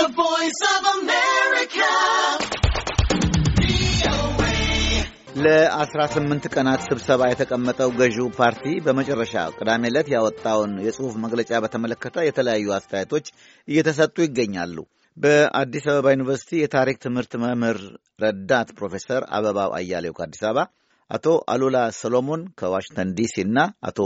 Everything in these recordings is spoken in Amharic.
The Voice of America. ለ18 ቀናት ስብሰባ የተቀመጠው ገዢው ፓርቲ በመጨረሻ ቅዳሜ ዕለት ያወጣውን የጽሑፍ መግለጫ በተመለከተ የተለያዩ አስተያየቶች እየተሰጡ ይገኛሉ። በአዲስ አበባ ዩኒቨርሲቲ የታሪክ ትምህርት መምህር ረዳት ፕሮፌሰር አበባው አያሌው ከአዲስ አበባ አቶ አሉላ ሰሎሞን ከዋሽንግተን ዲሲ እና አቶ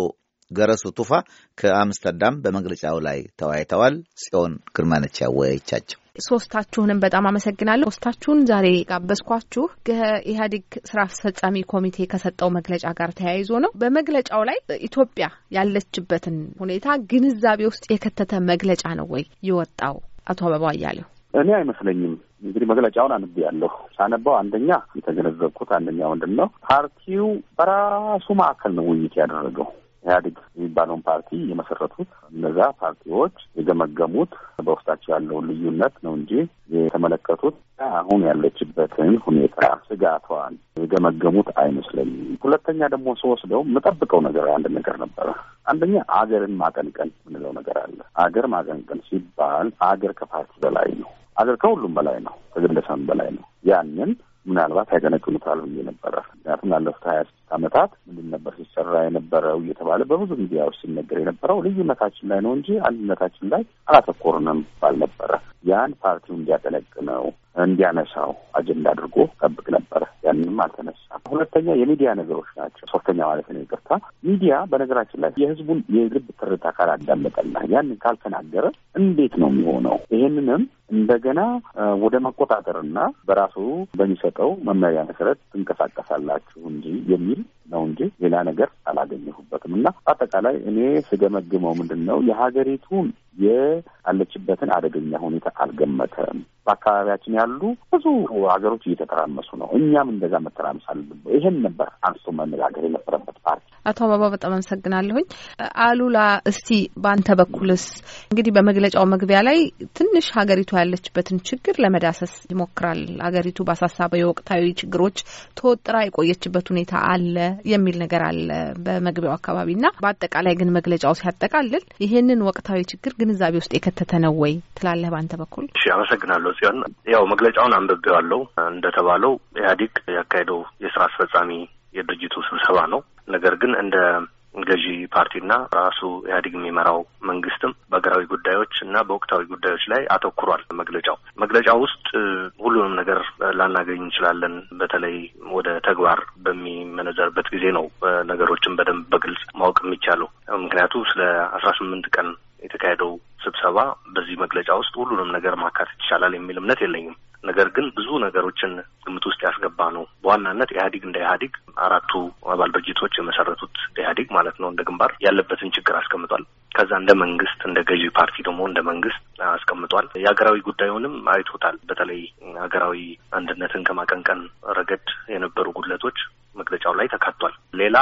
ገረሱ ቱፋ ከአምስተርዳም በመግለጫው ላይ ተወያይተዋል። ጽዮን ግርማነች ያወያየቻቸው። ሶስታችሁንም በጣም አመሰግናለሁ። ሶስታችሁን ዛሬ ጋበዝኳችሁ ከኢህአዴግ ስራ አስፈጻሚ ኮሚቴ ከሰጠው መግለጫ ጋር ተያይዞ ነው። በመግለጫው ላይ ኢትዮጵያ ያለችበትን ሁኔታ ግንዛቤ ውስጥ የከተተ መግለጫ ነው ወይ የወጣው? አቶ አበባ አያሌው እኔ አይመስለኝም። እንግዲህ መግለጫውን አንብቤያለሁ። ሳነባው አንደኛ የተገነዘብኩት አንደኛ ምንድን ነው ፓርቲው በራሱ ማዕከል ነው ውይይት ያደረገው ኢህአዴግ የሚባለውን ፓርቲ የመሰረቱት እነዛ ፓርቲዎች የገመገሙት በውስጣቸው ያለውን ልዩነት ነው እንጂ የተመለከቱት አሁን ያለችበትን ሁኔታ ስጋቷን የገመገሙት አይመስለኝም። ሁለተኛ ደግሞ ስወስደው የምጠብቀው ነገር አንድ ነገር ነበረ። አንደኛ አገርን ማቀንቀን የምንለው ነገር አለ። አገር ማቀንቀን ሲባል አገር ከፓርቲ በላይ ነው። አገር ከሁሉም በላይ ነው። ከግለሰብም በላይ ነው። ያንን ምናልባት አይቀነቅኑታል ብዬ ነበረ። ምክንያቱም ላለፉት ሀያ አመታት ምንድን ነበር ሲሰራ የነበረው እየተባለ በብዙ ሚዲያዎች ሲነገር የነበረው ልዩነታችን ላይ ነው እንጂ አንድነታችን ላይ አላተኮርንም ነበረ። ያን ፓርቲው እንዲያቀለቅለው እንዲያነሳው አጀንዳ አድርጎ ጠብቅ ነበረ። ያንንም አልተነሳም። ሁለተኛ የሚዲያ ነገሮች ናቸው። ሶስተኛ ማለት ነው ይቅርታ። ሚዲያ በነገራችን ላይ የህዝቡን የልብ ትርታ ካላዳመጠና ያንን ካልተናገረ እንዴት ነው የሚሆነው? ይህንንም እንደገና ወደ መቆጣጠርና በራሱ በሚሰጠው መመሪያ መሰረት ትንቀሳቀሳላችሁ እንጂ የሚል ነው እንጂ ሌላ ነገር አላገኘሁበትም። እና አጠቃላይ እኔ ስገመግመው ምንድን ነው የሀገሪቱን ያለችበትን አደገኛ ሁኔታ አልገመተም። በአካባቢያችን ያሉ ብዙ ሀገሮች እየተተራመሱ ነው፣ እኛም እንደዛ መተራመስ አለብን። ይህን ነበር አንስቶ መነጋገር የነበረበት ፓርቲ። አቶ አበባ በጣም አመሰግናለሁኝ። አሉላ፣ እስቲ በአንተ በኩልስ እንግዲህ በመግለጫው መግቢያ ላይ ትንሽ ሀገሪቱ ያለችበትን ችግር ለመዳሰስ ይሞክራል። ሀገሪቱ በአሳሳበ የወቅታዊ ችግሮች ተወጥራ የቆየችበት ሁኔታ አለ የሚል ነገር አለ በመግቢያው አካባቢና በአጠቃላይ ግን መግለጫው ሲያጠቃልል ይህንን ወቅታዊ ችግር ግንዛቤ ውስጥ የተካተተ ነው ወይ ትላለህ በአንተ በኩል? እሺ አመሰግናለሁ ጽዮን። ያው መግለጫውን አንብቤዋለሁ። እንደተባለው ኢህአዴግ ያካሄደው የስራ አስፈጻሚ የድርጅቱ ስብሰባ ነው። ነገር ግን እንደ ገዢ ፓርቲና ራሱ ኢህአዴግ የሚመራው መንግስትም በሀገራዊ ጉዳዮች እና በወቅታዊ ጉዳዮች ላይ አተኩሯል። መግለጫው መግለጫው ውስጥ ሁሉንም ነገር ላናገኝ እንችላለን። በተለይ ወደ ተግባር በሚመነዘርበት ጊዜ ነው ነገሮችን በደንብ በግልጽ ማወቅ የሚቻለው። ምክንያቱ ስለ አስራ ስምንት ቀን የተካሄደው ስብሰባ በዚህ መግለጫ ውስጥ ሁሉንም ነገር ማካተት ይቻላል የሚል እምነት የለኝም። ነገር ግን ብዙ ነገሮችን ግምት ውስጥ ያስገባ ነው። በዋናነት ኢህአዴግ እንደ ኢህአዴግ አራቱ አባል ድርጅቶች የመሰረቱት ኢህአዴግ ማለት ነው እንደ ግንባር ያለበትን ችግር አስቀምጧል። ከዛ እንደ መንግስት እንደ ገዢ ፓርቲ ደግሞ እንደ መንግስት አስቀምጧል። የሀገራዊ ጉዳዩንም አይቶታል። በተለይ ሀገራዊ አንድነትን ከማቀንቀን ረገድ የነበሩ ጉድለቶች መግለጫው ላይ ተካቷል። ሌላ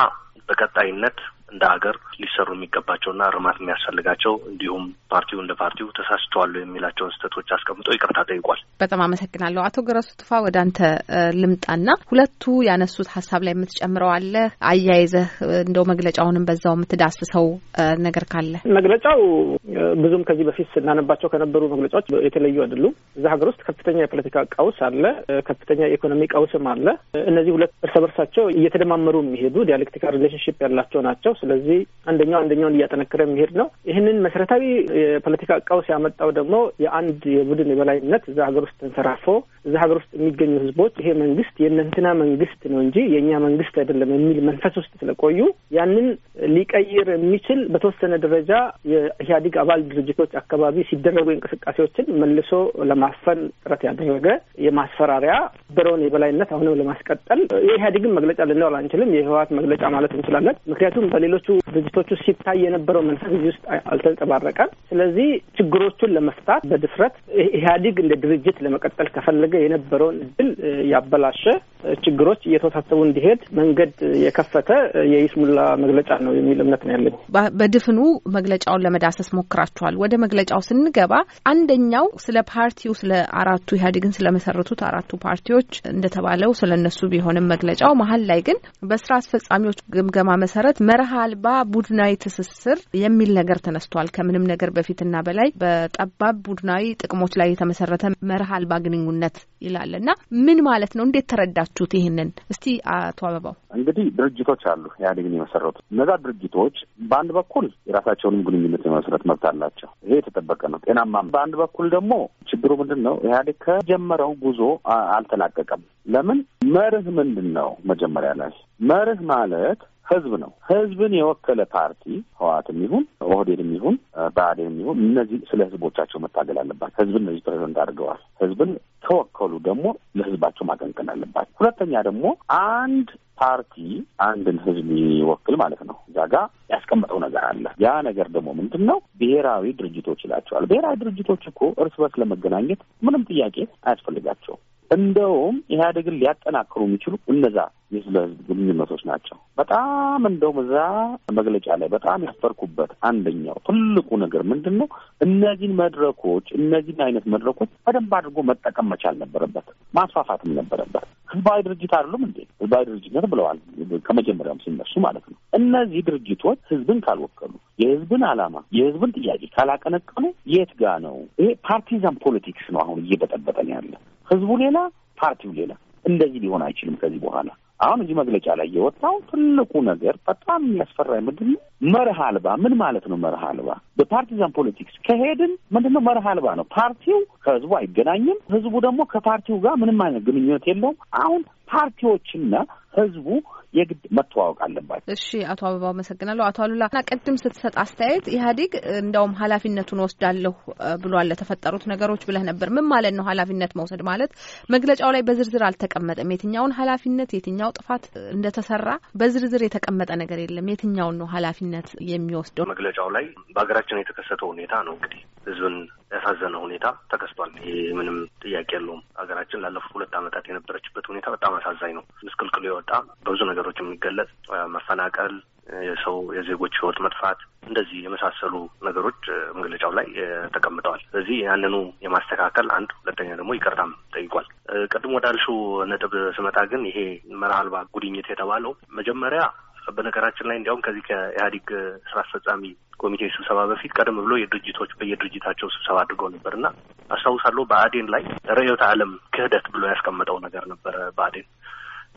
በቀጣይነት እንደ ሀገር ሊሰሩ የሚገባቸውና እርማት የሚያስፈልጋቸው እንዲሁም ፓርቲው እንደ ፓርቲው ተሳስተዋል የሚላቸውን ስህተቶች አስቀምጦ ይቅርታ ጠይቋል። በጣም አመሰግናለሁ። አቶ ገረሱ ቱፋ ወደ አንተ ልምጣና ሁለቱ ያነሱት ሀሳብ ላይ የምትጨምረው አለ አያይዘህ እንደው መግለጫውንም በዛው የምትዳስሰው ነገር ካለ መግለጫው ብዙም ከዚህ በፊት ስናነባቸው ከነበሩ መግለጫዎች የተለዩ አይደሉም። እዛ ሀገር ውስጥ ከፍተኛ የፖለቲካ ቀውስ አለ፣ ከፍተኛ የኢኮኖሚ ቀውስም አለ። እነዚህ ሁለት እርስ በርሳቸው እየተደማመሩ የሚሄዱ ዲያሌክቲካል ሪሌሽንሽፕ ያላቸው ናቸው። ስለዚህ አንድ አንደኛው አንደኛውን እያጠነከረ የሚሄድ ነው። ይህንን መሰረታዊ የፖለቲካ ቀውስ ያመጣው ደግሞ የአንድ የቡድን የበላይነት እዛ ሀገር ውስጥ ተንሰራፎ እዛ ሀገር ውስጥ የሚገኙ ህዝቦች ይሄ መንግስት የእነንትና መንግስት ነው እንጂ የእኛ መንግስት አይደለም የሚል መንፈስ ውስጥ ስለቆዩ ያንን ሊቀይር የሚችል በተወሰነ ደረጃ የኢህአዴግ አባል ድርጅቶች አካባቢ ሲደረጉ እንቅስቃሴዎችን መልሶ ለማፈን ጥረት ያደረገ የማስፈራሪያ በረውን የበላይነት አሁንም ለማስቀጠል የኢህአዴግን መግለጫ ልንል አንችልም፣ የህወሀት መግለጫ ማለት እንችላለን። ምክንያቱም በሌሎቹ ውስጥ ሲታይ የነበረው መንፈስ እዚህ ውስጥ አልተንጸባረቀም። ስለዚህ ችግሮቹን ለመፍታት በድፍረት ኢህአዴግ እንደ ድርጅት ለመቀጠል ከፈለገ እያደረገ የነበረውን እድል ያበላሸ ችግሮች እየተወሳሰቡ እንዲሄድ መንገድ የከፈተ የይስሙላ መግለጫ ነው የሚል እምነት ነው ያለኝ። በድፍኑ መግለጫውን ለመዳሰስ ሞክራችኋል። ወደ መግለጫው ስንገባ አንደኛው ስለ ፓርቲው ስለ አራቱ ኢህአዴግን ስለመሰረቱት አራቱ ፓርቲዎች እንደተባለው ስለ እነሱ ቢሆንም መግለጫው መሀል ላይ ግን በስራ አስፈጻሚዎች ግምገማ መሰረት መርህ አልባ ቡድናዊ ትስስር የሚል ነገር ተነስቷል። ከምንም ነገር በፊትና በላይ በጠባብ ቡድናዊ ጥቅሞች ላይ የተመሰረተ መርህ አልባ ግንኙነት ይላል እና ምን ማለት ነው? እንዴት ተረዳችሁት ይህንን? እስቲ አቶ አበባው። እንግዲህ ድርጅቶች አሉ ኢህአዴግን የመሰረቱ እነዛ ድርጅቶች በአንድ በኩል የራሳቸውንም ግንኙነት የመሰረት መብት አላቸው። ይሄ የተጠበቀ ነው፣ ጤናማ። በአንድ በኩል ደግሞ ችግሩ ምንድን ነው? ኢህአዴግ ከጀመረው ጉዞ አልተላቀቀም። ለምን? መርህ ምንድን ነው? መጀመሪያ ላይ መርህ ማለት ህዝብ ነው። ህዝብን የወከለ ፓርቲ ህወሓትም ይሁን ኦህዴድም ይሁን ብአዴንም ይሁን እነዚህ ስለ ህዝቦቻቸው መታገል አለባቸው። ህዝብን እነዚህ ፕሬዝደንት አድርገዋል። ህዝብን ከወከሉ ደግሞ ለህዝባቸው ማቀንቀን አለባት ሁለተኛ ደግሞ አንድ ፓርቲ አንድን ህዝብ ይወክል ማለት ነው። እዛ ጋ ያስቀመጠው ነገር አለ። ያ ነገር ደግሞ ምንድን ነው? ብሔራዊ ድርጅቶች ይላቸዋል። ብሔራዊ ድርጅቶች እኮ እርስ በርስ ለመገናኘት ምንም ጥያቄ አያስፈልጋቸውም። እንደውም ኢህአዴግን ሊያጠናክሩ የሚችሉ እነዛ የህዝብ ለህዝብ ግንኙነቶች ናቸው። በጣም እንደውም እዛ መግለጫ ላይ በጣም ያፈርኩበት አንደኛው ትልቁ ነገር ምንድን ነው? እነዚህን መድረኮች እነዚህን አይነት መድረኮች በደንብ አድርጎ መጠቀም መቻል ነበረበት፣ ማስፋፋትም ነበረበት። ህዝባዊ ድርጅት አይደሉም እንዴ? ህዝባዊ ድርጅትነት ብለዋል ከመጀመሪያም ሲነሱ ማለት ነው። እነዚህ ድርጅቶች ህዝብን ካልወከሉ፣ የህዝብን አላማ የህዝብን ጥያቄ ካላቀነቀኑ የት ጋ ነው? ይሄ ፓርቲዛን ፖለቲክስ ነው አሁን እየበጠበጠን ያለ ህዝቡ ሌላ፣ ፓርቲው ሌላ። እንደዚህ ሊሆን አይችልም ከዚህ በኋላ። አሁን እዚህ መግለጫ ላይ የወጣው ትልቁ ነገር በጣም የሚያስፈራ ምንድን ነው? መርህ አልባ። ምን ማለት ነው መርህ አልባ? በፓርቲዛን ፖለቲክስ ከሄድን ምንድን ነው መርህ አልባ ነው። ፓርቲው ከህዝቡ አይገናኝም፣ ህዝቡ ደግሞ ከፓርቲው ጋር ምንም አይነት ግንኙነት የለውም። አሁን ፓርቲዎችና ህዝቡ የግድ መተዋወቅ አለባቸው። እሺ፣ አቶ አበባው አመሰግናለሁ። አቶ አሉላ እና ቅድም ስትሰጥ አስተያየት ኢህአዴግ እንዲያውም ኃላፊነቱን ወስዳለሁ ብሏል ለተፈጠሩት ነገሮች ብለህ ነበር። ምን ማለት ነው ኃላፊነት መውሰድ ማለት? መግለጫው ላይ በዝርዝር አልተቀመጠም። የትኛውን ኃላፊነት የትኛው ጥፋት እንደተሰራ በዝርዝር የተቀመጠ ነገር የለም። የትኛውን ነው ኃላፊነት የሚወስደው? መግለጫው ላይ በሀገራችን የተከሰተው ሁኔታ ነው እንግዲህ ህዝብን ያሳዘነ ሁኔታ ተከስቷል። ይሄ ምንም ጥያቄ የለውም። ሀገራችን ላለፉት ሁለት ዓመታት የነበረችበት ሁኔታ በጣም አሳዛኝ ነው። ምስቅልቅሉ የወጣ በብዙ ነገሮች የሚገለጽ መፈናቀል፣ የሰው የዜጎች ህይወት መጥፋት እንደዚህ የመሳሰሉ ነገሮች መግለጫው ላይ ተቀምጠዋል። ስለዚህ ያንኑ የማስተካከል አንድ፣ ሁለተኛ ደግሞ ይቅርታም ጠይቋል። ቅድም ወዳልሽው ነጥብ ስመጣ ግን ይሄ መርህ አልባ ጉድኝት የተባለው መጀመሪያ በነገራችን ላይ እንዲያውም ከዚህ ከኢህአዴግ ስራ አስፈጻሚ ኮሚቴ ስብሰባ በፊት ቀደም ብሎ የድርጅቶች በየድርጅታቸው ስብሰባ አድርገው ነበር እና አስታውሳለሁ በአዴን ላይ ርዕዮተ ዓለም ክህደት ብሎ ያስቀመጠው ነገር ነበረ። በአዴን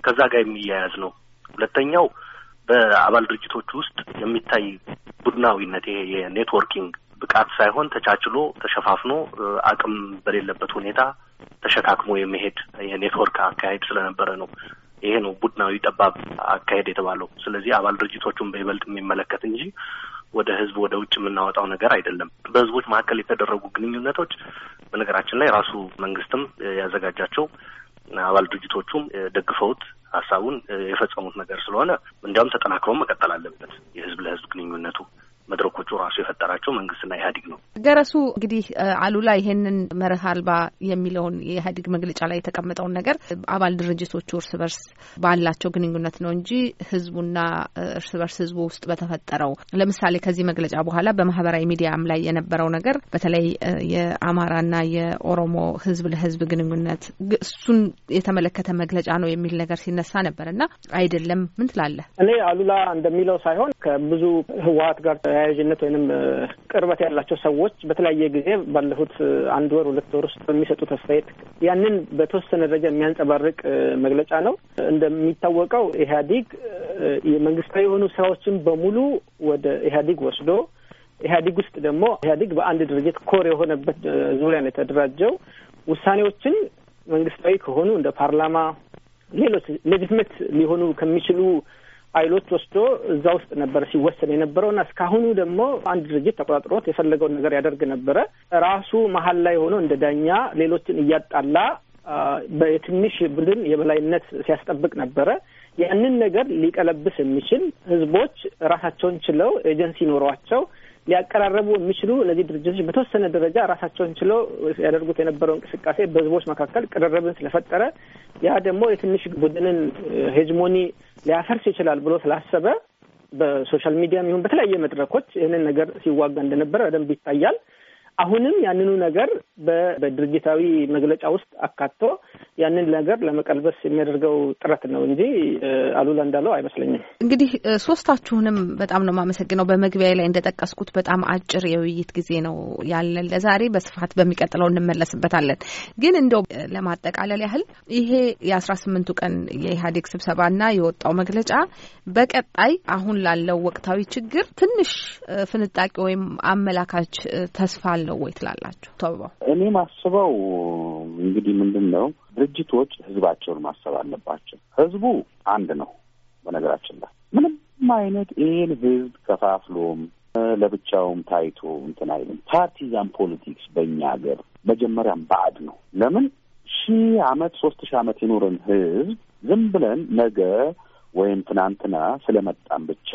ከዛ ጋር የሚያያዝ ነው። ሁለተኛው በአባል ድርጅቶች ውስጥ የሚታይ ቡድናዊነት ይሄ የኔትወርኪንግ ብቃት ሳይሆን ተቻችሎ ተሸፋፍኖ አቅም በሌለበት ሁኔታ ተሸካክሞ የመሄድ የኔትወርክ አካሄድ ስለነበረ ነው። ይሄ ነው ቡድናዊ ጠባብ አካሄድ የተባለው። ስለዚህ አባል ድርጅቶቹን በይበልጥ የሚመለከት እንጂ ወደ ህዝብ ወደ ውጭ የምናወጣው ነገር አይደለም። በህዝቦች መካከል የተደረጉ ግንኙነቶች በነገራችን ላይ ራሱ መንግስትም ያዘጋጃቸው አባል ድርጅቶቹም ደግፈውት ሀሳቡን የፈጸሙት ነገር ስለሆነ እንዲያውም ተጠናክሮ መቀጠል አለበት የህዝብ ለህዝብ ግንኙነቱ መድረኮቹ ራሱ የፈጠራቸው መንግስትና ኢህአዲግ ነው። ገረሱ እንግዲህ አሉላ ይሄንን መርህ አልባ የሚለውን የኢህአዲግ መግለጫ ላይ የተቀመጠውን ነገር አባል ድርጅቶቹ እርስ በርስ ባላቸው ግንኙነት ነው እንጂ ህዝቡና እርስ በርስ ህዝቡ ውስጥ በተፈጠረው ለምሳሌ ከዚህ መግለጫ በኋላ በማህበራዊ ሚዲያም ላይ የነበረው ነገር በተለይ የአማራና የኦሮሞ ህዝብ ለህዝብ ግንኙነት እሱን የተመለከተ መግለጫ ነው የሚል ነገር ሲነሳ ነበር እና አይደለም ምን ትላለህ? እኔ አሉላ እንደሚለው ሳይሆን ከብዙ ህወሀት ጋር ተያያዥነት ወይንም ቅርበት ያላቸው ሰዎች በተለያየ ጊዜ ባለፉት አንድ ወር ሁለት ወር ውስጥ በሚሰጡት አስተያየት ያንን በተወሰነ ደረጃ የሚያንጸባርቅ መግለጫ ነው። እንደሚታወቀው ኢህአዲግ የመንግስታዊ የሆኑ ስራዎችን በሙሉ ወደ ኢህአዲግ ወስዶ ኢህአዲግ ውስጥ ደግሞ ኢህአዲግ በአንድ ድርጅት ኮር የሆነበት ዙሪያ ነው የተደራጀው። ውሳኔዎችን መንግስታዊ ከሆኑ እንደ ፓርላማ፣ ሌሎች ሌጅትመት ሊሆኑ ከሚችሉ ኃይሎች ወስዶ እዛ ውስጥ ነበር ሲወሰን የነበረው እና እስካሁኑ ደግሞ አንድ ድርጅት ተቆጣጥሮት የፈለገውን ነገር ያደርግ ነበረ። ራሱ መሀል ላይ ሆኖ እንደ ዳኛ ሌሎችን እያጣላ በትንሽ ቡድን የበላይነት ሲያስጠብቅ ነበረ። ያንን ነገር ሊቀለብስ የሚችል ህዝቦች ራሳቸውን ችለው ኤጀንሲ ኖሯቸው ሊያቀራረቡ የሚችሉ እነዚህ ድርጅቶች በተወሰነ ደረጃ ራሳቸውን ችለው ያደርጉት የነበረው እንቅስቃሴ በህዝቦች መካከል ቅርርብን ስለፈጠረ ያ ደግሞ የትንሽ ቡድንን ሄጅሞኒ ሊያፈርስ ይችላል ብሎ ስላሰበ በሶሻል ሚዲያም ይሁን በተለያየ መድረኮች ይህንን ነገር ሲዋጋ እንደነበረ በደንብ ይታያል። አሁንም ያንኑ ነገር በድርጅታዊ መግለጫ ውስጥ አካቶ ያንን ነገር ለመቀልበስ የሚያደርገው ጥረት ነው እንጂ አሉላ እንዳለው አይመስለኝም። እንግዲህ ሶስታችሁንም በጣም ነው የማመሰግነው። በመግቢያ ላይ እንደጠቀስኩት በጣም አጭር የውይይት ጊዜ ነው ያለን ለዛሬ። በስፋት በሚቀጥለው እንመለስበታለን። ግን እንደው ለማጠቃለል ያህል ይሄ የአስራ ስምንቱ ቀን የኢህአዴግ ስብሰባና የወጣው መግለጫ በቀጣይ አሁን ላለው ወቅታዊ ችግር ትንሽ ፍንጣቂ ወይም አመላካች ተስፋ ነው ወይ ትላላችሁ? ተብባው እኔ ማስበው እንግዲህ ምንድን ነው ድርጅቶች ህዝባቸውን ማሰብ አለባቸው። ህዝቡ አንድ ነው። በነገራችን ላይ ምንም አይነት ይህን ህዝብ ከፋፍሎም ለብቻውም ታይቶ እንትን አይልም። ፓርቲዛን ፖለቲክስ በእኛ ሀገር መጀመሪያም ባዕድ ነው። ለምን ሺህ አመት ሶስት ሺህ አመት የኖረን ህዝብ ዝም ብለን ነገ ወይም ትናንትና ስለመጣም ብቻ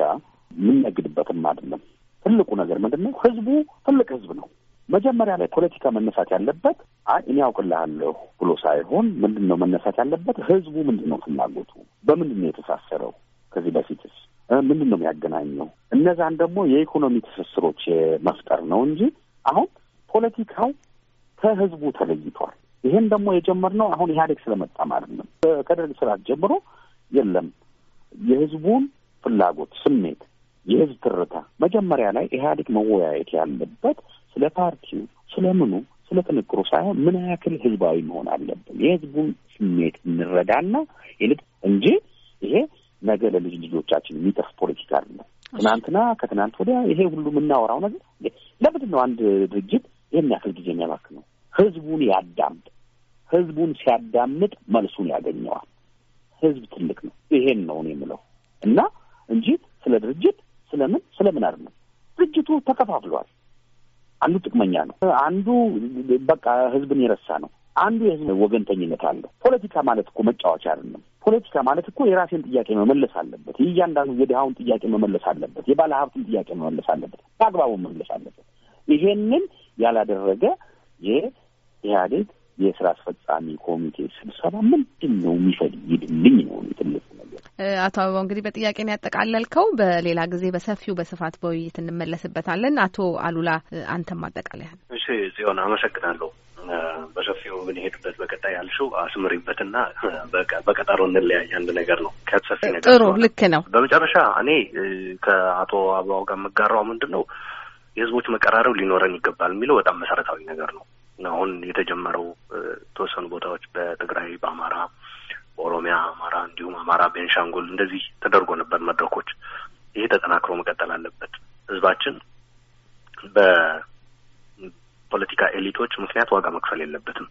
የምንነግድበትም አይደለም። ትልቁ ነገር ምንድን ነው? ህዝቡ ትልቅ ህዝብ ነው። መጀመሪያ ላይ ፖለቲካ መነሳት ያለበት አይ እኔ ያውቅልሃለሁ ብሎ ሳይሆን ምንድን ነው መነሳት ያለበት ህዝቡ ምንድን ነው ፍላጎቱ፣ በምንድን ነው የተሳሰረው፣ ከዚህ በፊትስ ምንድን ነው የሚያገናኘው፣ እነዛን ደግሞ የኢኮኖሚ ትስስሮች መፍጠር ነው እንጂ አሁን ፖለቲካው ከህዝቡ ተለይቷል። ይሄን ደግሞ የጀመርነው አሁን ኢህአዴግ ስለመጣም አይደለም። ከደርግ ስርዓት ጀምሮ የለም የህዝቡን ፍላጎት ስሜት፣ የህዝብ ትርታ መጀመሪያ ላይ ኢህአዴግ መወያየት ያለበት ስለ ፓርቲው፣ ስለ ምኑ፣ ስለ ጥንቅሩ ሳይሆን ምን ያክል ህዝባዊ መሆን አለብን የህዝቡን ስሜት እንረዳና ይልቅ እንጂ ይሄ ነገ ለልጅ ልጆቻችን የሚጠፍ ፖለቲካ አለ። ትናንትና ከትናንት ወዲያ ይሄ ሁሉ የምናወራው ነገር ለምንድን ነው? አንድ ድርጅት ይህን ያክል ጊዜ የሚያባክ ነው? ህዝቡን ያዳምጥ። ህዝቡን ሲያዳምጥ መልሱን ያገኘዋል። ህዝብ ትልቅ ነው። ይሄን ነው እኔ የምለው እና እንጂ ስለ ድርጅት ስለምን ስለምን አይደለም። ድርጅቱ ተከፋፍሏል። አንዱ ጥቅመኛ ነው፣ አንዱ በቃ ህዝብን የረሳ ነው፣ አንዱ የህዝብ ወገንተኝነት አለው። ፖለቲካ ማለት እኮ መጫወቻ አይደለም። ፖለቲካ ማለት እኮ የራሴን ጥያቄ መመለስ አለበት። የእያንዳንዱ የድሃውን ጥያቄ መመለስ አለበት። የባለ ሀብቱን ጥያቄ መመለስ አለበት። በአግባቡ መመለስ አለበት። ይሄንን ያላደረገ ኢህአዴግ የስራ አስፈጻሚ ኮሚቴ ስብሰባ ምንድን ነው የሚፈልግልኝ ነው ትልቁ ነገር። አቶ አበባው እንግዲህ በጥያቄ ነው ያጠቃለልከው። በሌላ ጊዜ በሰፊው በስፋት በውይይት እንመለስበታለን። አቶ አሉላ አንተም ማጠቃለያ። እሺ ጽዮን አመሰግናለሁ። በሰፊው የምንሄድበት በቀጣይ ያልሽው አስምሪበትና በቀጠሮ እንለያይ አንድ ነገር ነው። ከሰፊ ነገር ጥሩ ልክ ነው። በመጨረሻ እኔ ከአቶ አበባው ጋር የምጋራው ምንድን ነው የህዝቦች መቀራረብ ሊኖረን ይገባል የሚለው በጣም መሰረታዊ ነገር ነው። አሁን የተጀመረው የተወሰኑ ቦታዎች በትግራይ፣ በአማራ፣ በኦሮሚያ አማራ እንዲሁም አማራ፣ ቤንሻንጉል እንደዚህ ተደርጎ ነበር መድረኮች። ይሄ ተጠናክሮ መቀጠል አለበት። ህዝባችን በፖለቲካ ኤሊቶች ምክንያት ዋጋ መክፈል የለበትም።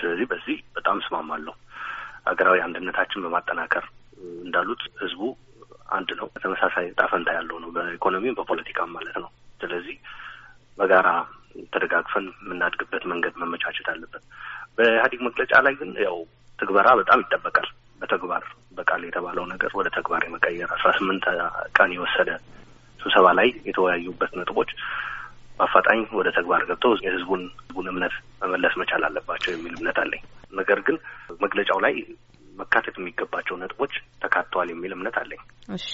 ስለዚህ በዚህ በጣም እስማማለሁ። ሀገራዊ አንድነታችን በማጠናከር እንዳሉት ህዝቡ አንድ ነው፣ ተመሳሳይ ጣፈንታ ያለው ነው፣ በኢኮኖሚም በፖለቲካም ማለት ነው። የሚቻልበት መንገድ መመቻቸት አለበት። በኢህአዴግ መግለጫ ላይ ግን ያው ትግበራ በጣም ይጠበቃል። በተግባር በቃል የተባለው ነገር ወደ ተግባር የመቀየር አስራ ስምንት ቀን የወሰደ ስብሰባ ላይ የተወያዩበት ነጥቦች በአፋጣኝ ወደ ተግባር ገብተው የህዝቡን ህዝቡን እምነት መመለስ መቻል አለባቸው የሚል እምነት አለኝ። ነገር ግን መግለጫው ላይ መካተት የሚገባቸው ነጥቦች ተካተዋል የሚል እምነት አለኝ። እሺ፣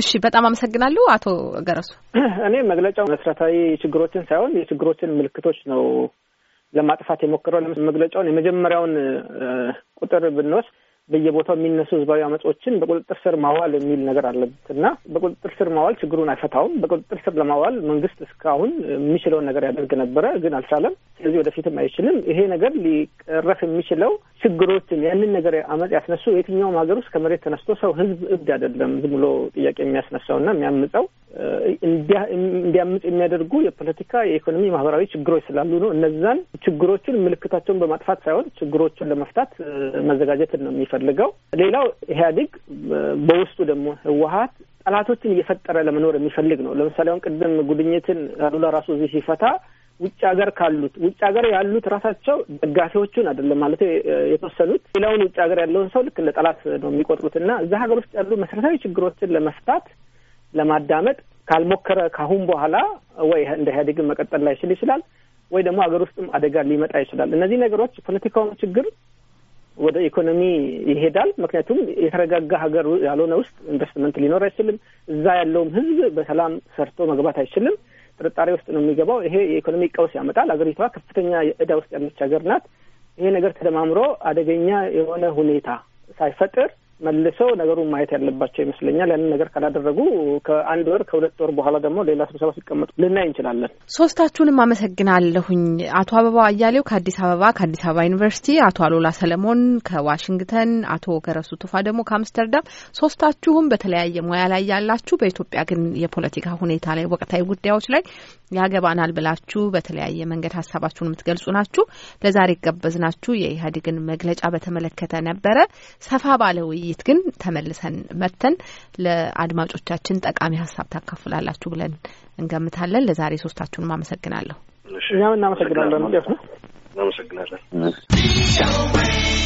እሺ፣ በጣም አመሰግናለሁ አቶ ገረሱ። እኔ መግለጫው መሰረታዊ ችግሮችን ሳይሆን የችግሮችን ምልክቶች ነው ለማጥፋት የሞከረው መግለጫውን የመጀመሪያውን ቁጥር ብንወስድ በየቦታው የሚነሱ ህዝባዊ አመጾችን በቁጥጥር ስር ማዋል የሚል ነገር አለበት እና በቁጥጥር ስር ማዋል ችግሩን አይፈታውም። በቁጥጥር ስር ለማዋል መንግስት እስካሁን የሚችለውን ነገር ያደርግ ነበረ፣ ግን አልቻለም። ስለዚህ ወደፊትም አይችልም። ይሄ ነገር ሊቀረፍ የሚችለው ችግሮችን ያንን ነገር አመፅ ያስነሱ የትኛውም ሀገር ውስጥ ከመሬት ተነስቶ ሰው ህዝብ እብድ አይደለም ዝም ብሎ ጥያቄ የሚያስነሳውና የሚያምፀው እንዲያምፅ የሚያደርጉ የፖለቲካ፣ የኢኮኖሚ፣ ማህበራዊ ችግሮች ስላሉ ነው። እነዛን ችግሮችን ምልክታቸውን በማጥፋት ሳይሆን ችግሮቹን ለመፍታት መዘጋጀትን ነው የሚፈልግ የምንፈልገው። ሌላው ኢህአዴግ በውስጡ ደግሞ ህወሀት ጠላቶችን እየፈጠረ ለመኖር የሚፈልግ ነው። ለምሳሌ አሁን ቅድም ጉድኝትን አሉላ ራሱ እዚህ ሲፈታ ውጭ ሀገር ካሉት ውጭ ሀገር ያሉት ራሳቸው ደጋፊዎቹን አይደለም ማለት የተወሰኑት ሌላውን ውጭ ሀገር ያለውን ሰው ልክ እንደ ጠላት ነው የሚቆጥሩት እና እዛ ሀገር ውስጥ ያሉ መሰረታዊ ችግሮችን ለመፍታት ለማዳመጥ ካልሞከረ ካሁን በኋላ ወይ እንደ ኢህአዴግን መቀጠል ላይችል ይችላል ወይ ደግሞ ሀገር ውስጥም አደጋ ሊመጣ ይችላል። እነዚህ ነገሮች ፖለቲካውን ችግር ወደ ኢኮኖሚ ይሄዳል። ምክንያቱም የተረጋጋ ሀገር ያልሆነ ውስጥ ኢንቨስትመንት ሊኖር አይችልም። እዛ ያለውም ህዝብ በሰላም ሰርቶ መግባት አይችልም። ጥርጣሬ ውስጥ ነው የሚገባው። ይሄ የኢኮኖሚ ቀውስ ያመጣል። አገሪቷ ከፍተኛ እዳ ውስጥ ያለች ሀገር ናት። ይሄ ነገር ተደማምሮ አደገኛ የሆነ ሁኔታ ሳይፈጥር መልሰው ነገሩን ማየት ያለባቸው ይመስለኛል። ያንን ነገር ካላደረጉ ከአንድ ወር ከሁለት ወር በኋላ ደግሞ ሌላ ስብሰባ ሲቀመጡ ልናይ እንችላለን። ሶስታችሁንም አመሰግናለሁኝ። አቶ አበባ አያሌው ከአዲስ አበባ ከአዲስ አበባ ዩኒቨርሲቲ፣ አቶ አሎላ ሰለሞን ከዋሽንግተን፣ አቶ ገረሱ ቱፋ ደግሞ ከአምስተርዳም። ሶስታችሁም በተለያየ ሙያ ላይ ያላችሁ በኢትዮጵያ ግን የፖለቲካ ሁኔታ ላይ ወቅታዊ ጉዳዮች ላይ ያገባናል ብላችሁ በተለያየ መንገድ ሀሳባችሁን የምትገልጹ ናችሁ። ለዛሬ ጋበዝናችሁ ናችሁ የኢህአዴግን መግለጫ በተመለከተ ነበረ ሰፋ ባለ ውይይት ውይይት ግን ተመልሰን መጥተን ለአድማጮቻችን ጠቃሚ ሀሳብ ታካፍላላችሁ ብለን እንገምታለን። ለዛሬ ሶስታችሁንም አመሰግናለሁ። እኛም እናመሰግናለን። እናመሰግናለን።